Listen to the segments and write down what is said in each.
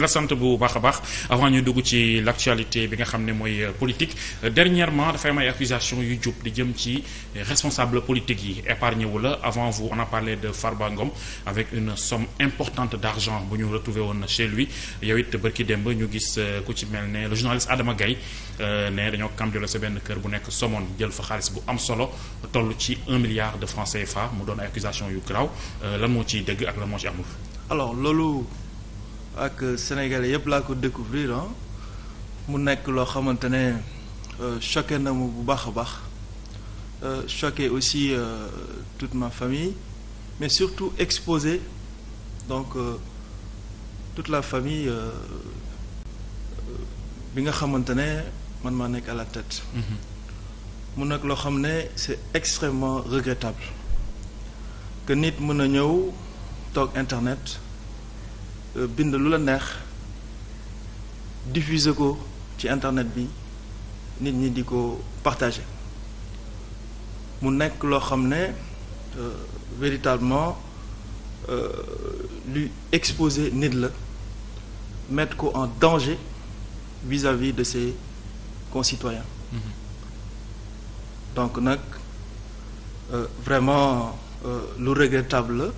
di sant bu baax a baax avant ñu dugg ci lactualité bi nga xam ne mooy euh, politique euh, dernièrement dafay am ay accusations yu jub di jëm ci euh, responsable politique yi épargne wu la avant vous on a de Farba avec une somme importante d' argent bu ñu retrouvé woon na chez lui yow it bërki démb ñu gis ku ci mel ne le journaliste Adama Gaye ne dañoo cambriolé sa benn kër bu nekk Somone jël fa xaalis bu am solo toll ci un milliard de francs fa mu doon ay yu graw lan moo ciy dëgg ak moo ci amul ak sénégalais yëpp laa ko découvrir ah mu nekk loo xamante ne euh, choqué na mu bu baax a baax euh, choqué aussi euh, toute ma famille mais surtout exposé donc euh, toute la famille euh, bi nga xamante ne man maa nekk à la tête. Mm-hmm. mu nekk loo xam ne c'est extrêmement regrettable que nit mën a ñëw toog internet. bind lu la neex diffuser ko ci internet bi nit ñi di ko partager mu nekk loo xam ne euh, véritablement euh, lu exposer nit la mettre ko en danger vis-à-vis de ses concitoyens mm-hmm. donc nag euh, vraiment lu regrettable la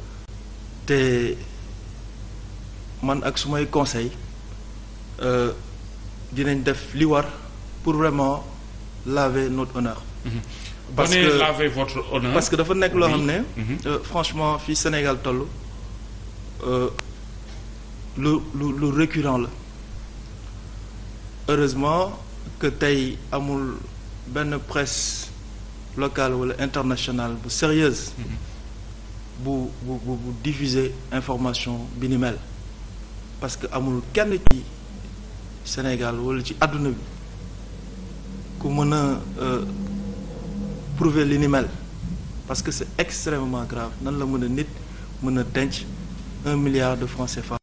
te man ak su may conseil euh, dinañ def li war pour vraiment laver notre honneur mhm. parce que laver votre honneur parce que dafa nekk loo xam ne mhm. euh, franchement fii Sénégal toll euh, lu lu lu récurrent la heureusement que tey amul benn presse locale wala internationale bu sérieuse mhm. bu bu bu diffuser information bi ni mel parce que amul kenn ci Sénégal wala ci àdduna bi ku mën a euh, prouver li parce que c'est extrêmement grave nan la mën a nit mën a denc un milliard de francs CFA.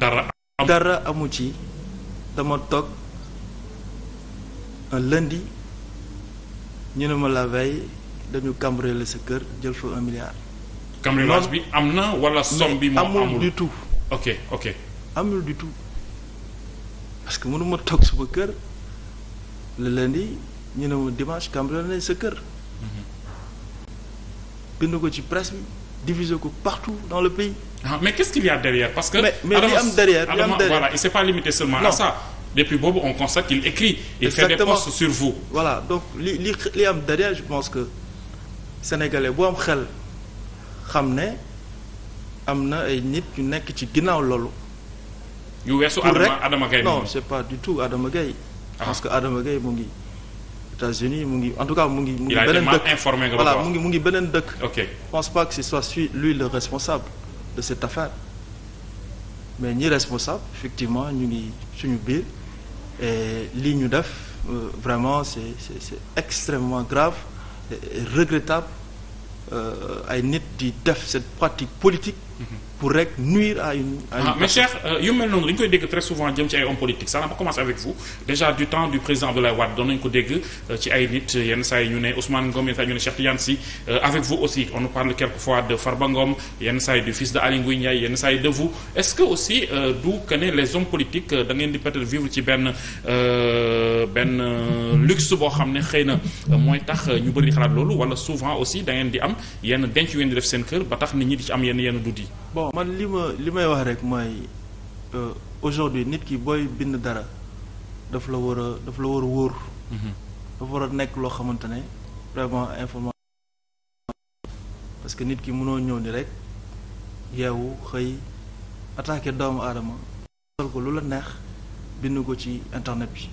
dara dara amu ci dama toog un lundi ñu ne ma la veille dañu cambrioler sa kër jël fa un milliard. cambriolage bi am na wala somme bi moo amul amul ok ok. amul du tout parce que mënu ma toog sama kër le lundi ñu ne ma dimanche cambriolé sa kër. Mhm. bind ko ci presse bi divisé ko partout dans le pays. ah mais qu'est-ce qu'il y a derrière parce que. mais mais li am derrière li am derrière voilà il s'est pas limité seulement non. à depuis boobu on constate qu'il écrit. il Exactement. fait des posts sur vous. voilà donc li li am derrière je pense que sénégalais boo am xel xam ne. am na ay nit ñu nekk ci ginnaaw loolu. yu weesu Adama Adama Gaye non c'est pas du tout Adama Gaye ah. parce que Adama Gaye mu ngi États-Unis mu ngi en tout cas mu ngi. mu ngi beneen dëkk voilà mu ngi mu ngi beneen dëkk. ok je pense pas que ce soit lui le responsable de cette affaire mais ñi responsable effectivement ñu ngi suñu biir et lii ñu def euh, vraiment c'est c'est c'est extrêmement grave et regrettable euh, ay nit di def cette pratique politique. pour rek nuire à une. à une ah, euh, yu mel noonu dañu koy dégg très souvent jëm ci ay hommes politiques ça n'a pas avec vous déjà du temps du président Abdoulaye Wade doon nañu ko dégg euh, ci ay nit yenn saa yi ñu ne Ousmane Ngom yenn saa ñu ne Cheikh Tidiane Sy euh, avec vous aussi on nous parle quelquefois de Farba Ngom yenn saa yi du fils de Aly Ngouille yenn saa yi est-ce que aussi du que les hommes politiques da di peut-être ci benn benn luxe boo xam ne xëy na mooy tax ñu bëri di xalaat loolu wala souvent da ngeen di am yenn denc yu ngeen di ñi di am yenn yenn duddi bi. bon man li ma li may wax rek mooy euh, aujourd'hui nit ki booy bind dara daf la war a daf la war a wóor. Mhm. dafa war a nekk loo xamante ne vraiment information. parce que nit ki mënoo ñëw ni rek yeewu xëy attaqué doomu aadama. sol ko lu la neex bind ko ci internet bi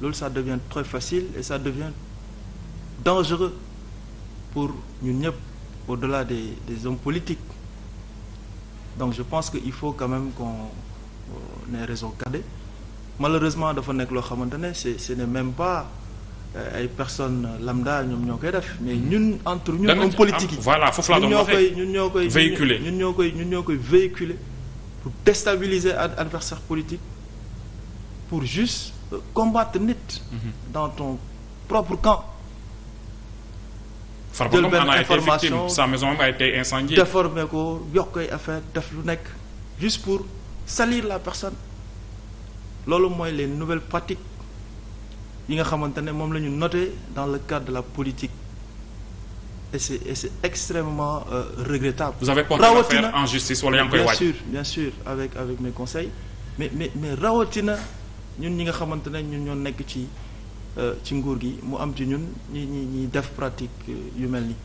loolu ça devient très facile et ça devient dangereux pour ñun ñëpp. au-delà des, des, hommes politiques. Donc je pense que il faut quand même qu'on ait raison cadée. Malheureusement, ce ne même pas euh, ay personnes lambda ñoom ñoo koy def mais ñun entre ñun homme politique yi voilà foofu laa doon ñun ñoo koy véhiculer ñun ñoo koy ñun ñoo koy véhiculer pour déstabiliser adversaire politique pour juste euh, combattre nit mhm. dans ton propre camp jël benn information sa maison a été incendiée déformé ko yokk ay affaire def lu nekk juste pour salir la personne loolu mooy les nouvelles pratiques yi nga xamante ne moom la ñu noté dans le cadre de la politique et c'est et c'est extrêmement euh, regrettable. vous avez porté l'affaire en justice wala yaa ngi koy waaj. bien sûr bien sûr avec avec mes conseils mais mais mais rawatina ñun ñi nga xamante ne ñun ñoo nekk ci. ci nguur gi mu am ci ñun ñi ñi ñuy def pratique yu mel ni